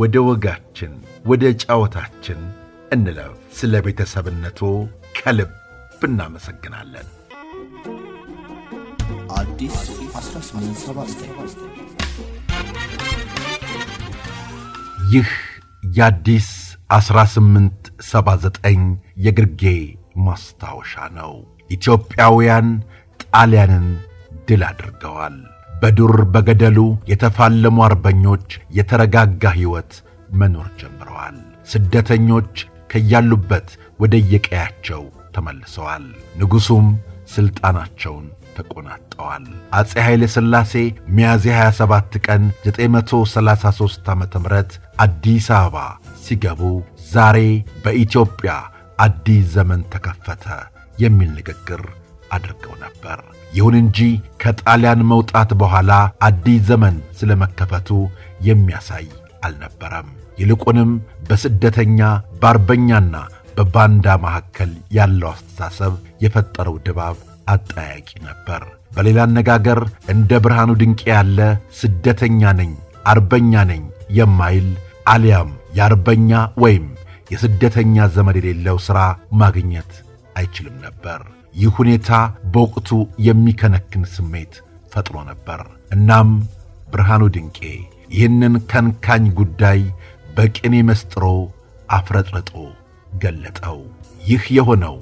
ወደ ወጋችን ወደ ጫወታችን እንለፍ። ስለ ቤተሰብነቱ ከልብ እናመሰግናለን። ይህ የአዲስ 1879 የግርጌ ማስታወሻ ነው። ኢትዮጵያውያን ጣሊያንን ድል አድርገዋል። በዱር በገደሉ የተፋለሙ አርበኞች የተረጋጋ ሕይወት መኖር ጀምረዋል። ስደተኞች ከያሉበት ወደ የቀያቸው ተመልሰዋል። ንጉሡም ሥልጣናቸውን ተቆናጠዋል። አፄ ኃይለ ሥላሴ ሚያዝያ 27 ቀን 933 ዓ ም አዲስ አበባ ሲገቡ ዛሬ በኢትዮጵያ አዲስ ዘመን ተከፈተ የሚል ንግግር አድርገው ነበር። ይሁን እንጂ ከጣሊያን መውጣት በኋላ አዲስ ዘመን ስለ መከፈቱ የሚያሳይ አልነበረም። ይልቁንም በስደተኛ በአርበኛና በባንዳ መካከል ያለው አስተሳሰብ የፈጠረው ድባብ አጠያቂ ነበር። በሌላ አነጋገር እንደ ብርሃኑ ድንቄ ያለ ስደተኛ ነኝ አርበኛ ነኝ የማይል አሊያም የአርበኛ ወይም የስደተኛ ዘመድ የሌለው ሥራ ማግኘት አይችልም ነበር። ይህ ሁኔታ በወቅቱ የሚከነክን ስሜት ፈጥሮ ነበር። እናም ብርሃኑ ድንቄ ይህንን ከንካኝ ጉዳይ በቅኔ መስጥሮ አፍረጥርጦ ገለጠው። ይህ የሆነው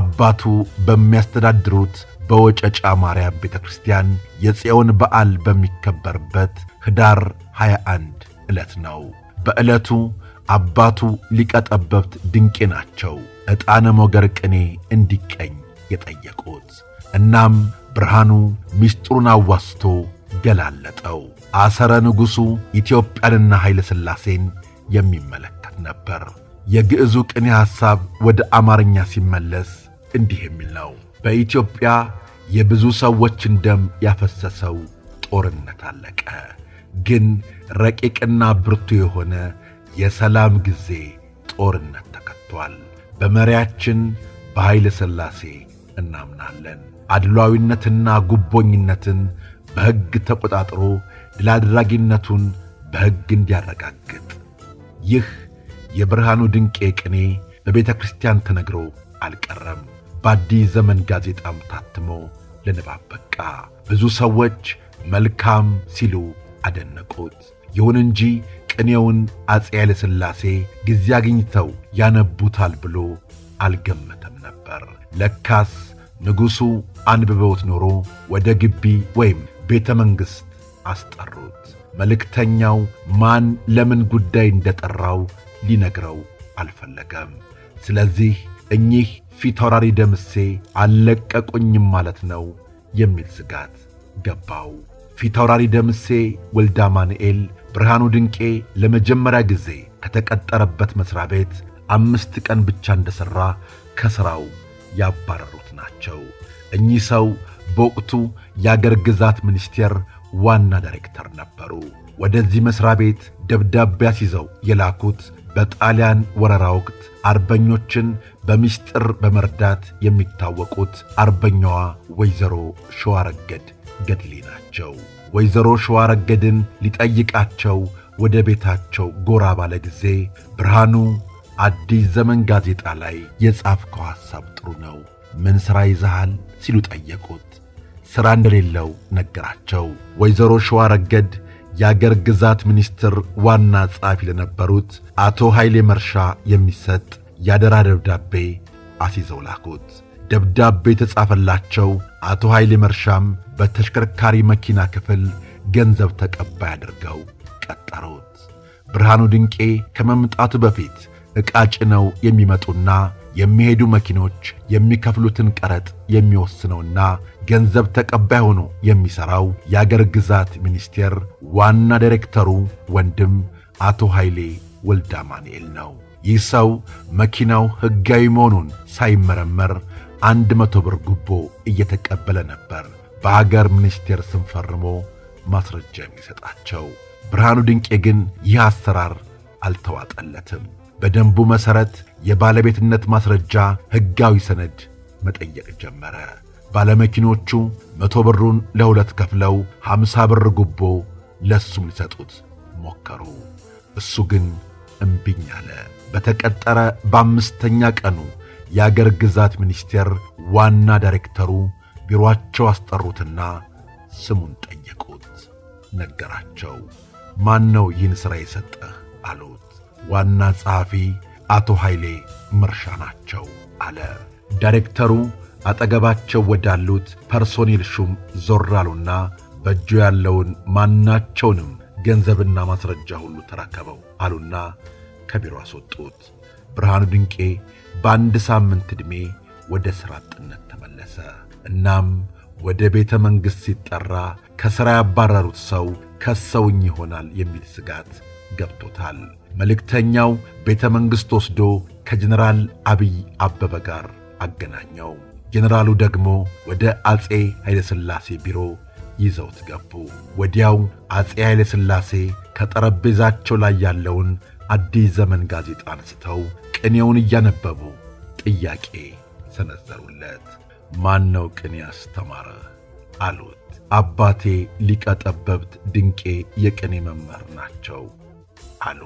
አባቱ በሚያስተዳድሩት በወጨጫ ማርያም ቤተ ክርስቲያን የጽዮን በዓል በሚከበርበት ኅዳር 21 ዕለት ነው። በዕለቱ አባቱ ሊቀጠበብት ድንቄ ናቸው ዕጣነ ሞገር ቅኔ እንዲቀኝ የጠየቁት። እናም ብርሃኑ ምስጢሩን አዋስቶ ገላለጠው። አሰረ ንጉሡ ኢትዮጵያንና ኃይለ ሥላሴን የሚመለከት ነበር። የግዕዙ ቅኔ ሐሳብ ወደ አማርኛ ሲመለስ እንዲህ የሚል ነው። በኢትዮጵያ የብዙ ሰዎችን ደም ያፈሰሰው ጦርነት አለቀ። ግን ረቂቅና ብርቱ የሆነ የሰላም ጊዜ ጦርነት ተከቷል። በመሪያችን በኃይለ ሥላሴ እናምናለን። አድሏዊነትና ጉቦኝነትን በሕግ ተቆጣጥሮ ድል አድራጊነቱን በሕግ እንዲያረጋግጥ ይህ የብርሃኑ ድንቄ ቅኔ በቤተ ክርስቲያን ተነግሮ አልቀረም። በአዲስ ዘመን ጋዜጣም ታትሞ ለንባብ በቃ። ብዙ ሰዎች መልካም ሲሉ አደነቁት። ይሁን እንጂ ቅኔውን አፄ ኃይለ ሥላሴ ጊዜ አግኝተው ያነቡታል ብሎ አልገመተም ነበር። ለካስ ንጉሡ አንብበውት ኖሮ ወደ ግቢ ወይም ቤተ መንግሥት አስጠሩት። መልእክተኛው ማን ለምን ጉዳይ እንደጠራው ሊነግረው አልፈለገም። ስለዚህ እኚህ ፊታውራሪ ደምሴ አልለቀቁኝም ማለት ነው የሚል ስጋት ገባው። ፊታውራሪ ደምሴ ወልደ አማኑኤል ብርሃኑ ድንቄ ለመጀመሪያ ጊዜ ከተቀጠረበት መሥሪያ ቤት አምስት ቀን ብቻ እንደሠራ ከሥራው ያባረሩት ናቸው። እኚህ ሰው በወቅቱ የአገር ግዛት ሚኒስቴር ዋና ዳይሬክተር ነበሩ። ወደዚህ መሥሪያ ቤት ደብዳቤ አስይዘው የላኩት በጣሊያን ወረራ ወቅት አርበኞችን በምስጢር በመርዳት የሚታወቁት አርበኛዋ ወይዘሮ ሸዋረገድ ገድሌ ናቸው። ወይዘሮ ሸዋረገድን ሊጠይቃቸው ወደ ቤታቸው ጎራ ባለ ጊዜ ብርሃኑ አዲስ ዘመን ጋዜጣ ላይ የጻፍከው ሐሳብ ጥሩ ነው፣ ምን ሥራ ይዘሃል ሲሉ ጠየቁት። ሥራ እንደሌለው ነገራቸው። ወይዘሮ ሸዋ ረገድ የአገር ግዛት ሚኒስትር ዋና ጸሐፊ ለነበሩት አቶ ኃይሌ መርሻ የሚሰጥ የአደራ ደብዳቤ አስይዘው ላኩት። ደብዳቤ የተጻፈላቸው አቶ ኃይሌ መርሻም በተሽከርካሪ መኪና ክፍል ገንዘብ ተቀባይ አድርገው ቀጠሩት። ብርሃኑ ድንቄ ከመምጣቱ በፊት ዕቃ ጭነው የሚመጡና የሚሄዱ መኪኖች የሚከፍሉትን ቀረጥ የሚወስነውና ገንዘብ ተቀባይ ሆኖ የሚሠራው የአገር ግዛት ሚኒስቴር ዋና ዳይሬክተሩ ወንድም አቶ ኃይሌ ማንኤል ነው። ይህ ሰው መኪናው ሕጋዊ መሆኑን ሳይመረመር አንድ መቶ ብር ጉቦ እየተቀበለ ነበር በአገር ሚኒስቴር ስም ፈርሞ ማስረጃ የሚሰጣቸው። ብርሃኑ ድንቄ ግን ይህ አሰራር አልተዋጠለትም። በደንቡ መሠረት የባለቤትነት ማስረጃ ሕጋዊ ሰነድ መጠየቅ ጀመረ። ባለመኪኖቹ መቶ ብሩን ለሁለት ከፍለው ሐምሳ ብር ጉቦ ለእሱም ሊሰጡት ሞከሩ። እሱ ግን እምቢኝ አለ። በተቀጠረ በአምስተኛ ቀኑ የአገር ግዛት ሚኒስቴር ዋና ዳይሬክተሩ ቢሮአቸው አስጠሩትና ስሙን ጠየቁት። ነገራቸው። ማን ነው ይህን ሥራ የሰጠህ? አሉት። ዋና ጸሐፊ አቶ ኃይሌ ምርሻ ናቸው አለ። ዳይሬክተሩ አጠገባቸው ወዳሉት ፐርሶኔል ሹም ዞር አሉና በእጁ ያለውን ማናቸውንም ገንዘብና ማስረጃ ሁሉ ተረከበው አሉና ከቢሮ አስወጡት። ብርሃኑ ድንቄ በአንድ ሳምንት ዕድሜ ወደ ሥራ አጥነት ተመለሰ። እናም ወደ ቤተ መንግሥት ሲጠራ ከሥራ ያባረሩት ሰው ከሰውኝ ይሆናል የሚል ስጋት ገብቶታል። መልእክተኛው ቤተ መንግሥት ወስዶ ከጀነራል አብይ አበበ ጋር አገናኘው። ጀነራሉ ደግሞ ወደ አጼ ኃይለሥላሴ ቢሮ ይዘውት ገቡ። ወዲያው አጼ ኃይለሥላሴ ከጠረጴዛቸው ላይ ያለውን አዲስ ዘመን ጋዜጣ አንስተው ቅኔውን እያነበቡ ጥያቄ ሰነዘሩለት። ማን ነው ቅኔ ያስተማረ? አሉት። አባቴ ሊቀ ጠበብት ድንቄ የቅኔ መምህር ናቸው አሉ።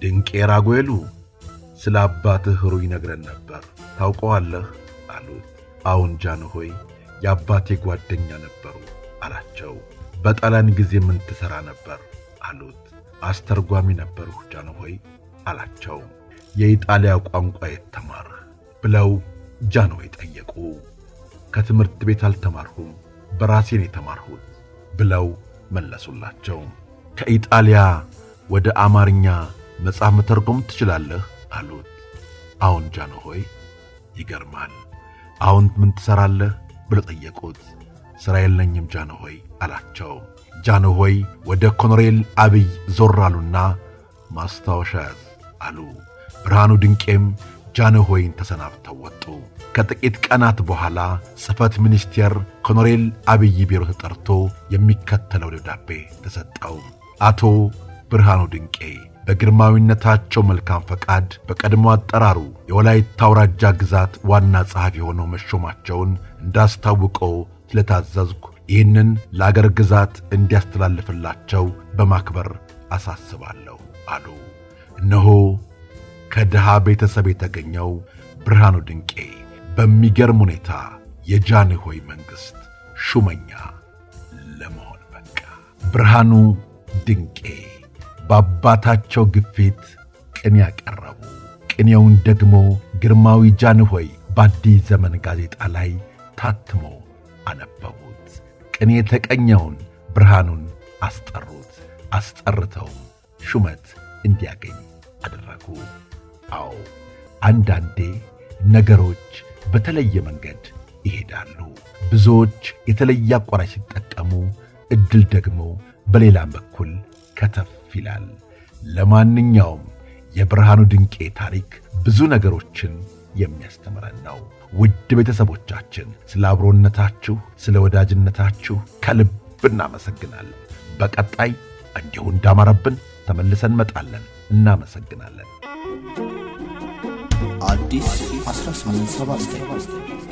ድንቄ ራጉኤሉ ስለ አባትህ ሩይ ነግረን ነበር፣ ታውቀዋለህ አሉት። አሁን ጃን ሆይ የአባቴ ጓደኛ ነበሩ አላቸው። በጣሊያን ጊዜ ምን ትሠራ ነበር አሉት። አስተርጓሚ ነበርሁ ጃን ሆይ አላቸው። የኢጣሊያ ቋንቋ የት ተማርህ ብለው ጃንሆይ ጠየቁ። ከትምህርት ቤት አልተማርሁም በራሴን የተማርሁት ብለው መለሱላቸው። ከኢጣሊያ ወደ አማርኛ መጽሐፍ መተርጎም ትችላለህ አሉት። አሁን ጃኖ ሆይ፣ ይገርማል። አሁን ምን ትሠራለህ ብለው ጠየቁት። ሥራ የለኝም ጃኖ ሆይ አላቸው። ጃኖ ሆይ ወደ ኮሎኔል አብይ ዞር አሉና ማስታወሻ ያዝ አሉ። ብርሃኑ ድንቄም ጃኖ ሆይን ተሰናብተው ወጡ። ከጥቂት ቀናት በኋላ ጽሕፈት ሚኒስቴር ኮሎኔል አብይ ቢሮ ተጠርቶ የሚከተለው ደብዳቤ ተሰጠው። አቶ ብርሃኑ ድንቄ በግርማዊነታቸው መልካም ፈቃድ በቀድሞ አጠራሩ የወላይታ አውራጃ ግዛት ዋና ጸሐፊ ሆነው መሾማቸውን እንዳስታውቀው ስለታዘዝኩ ይህንን ለአገር ግዛት እንዲያስተላልፍላቸው በማክበር አሳስባለሁ አሉ። እነሆ ከድሃ ቤተሰብ የተገኘው ብርሃኑ ድንቄ በሚገርም ሁኔታ የጃንሆይ መንግሥት ሹመኛ ለመሆን በቃ። ብርሃኑ ድንቄ በአባታቸው ግፊት ቅኔ ያቀረቡ። ቅኔውን ደግሞ ግርማዊ ጃንሆይ በአዲስ ዘመን ጋዜጣ ላይ ታትሞ አነበቡት። ቅኔ የተቀኘውን ብርሃኑን አስጠሩት። አስጠርተው ሹመት እንዲያገኝ አደረጉ። አዎ አንዳንዴ ነገሮች በተለየ መንገድ ይሄዳሉ። ብዙዎች የተለየ አቋራጭ ሲጠቀሙ፣ እድል ደግሞ በሌላም በኩል ከተፍ ይላል። ለማንኛውም የብርሃኑ ድንቄ ታሪክ ብዙ ነገሮችን የሚያስተምረን ነው። ውድ ቤተሰቦቻችን ስለ አብሮነታችሁ፣ ስለ ወዳጅነታችሁ ከልብ እናመሰግናለን። በቀጣይ እንዲሁ እንዳማረብን ተመልሰን መጣለን እናመሰግናለን። አዲስ 1879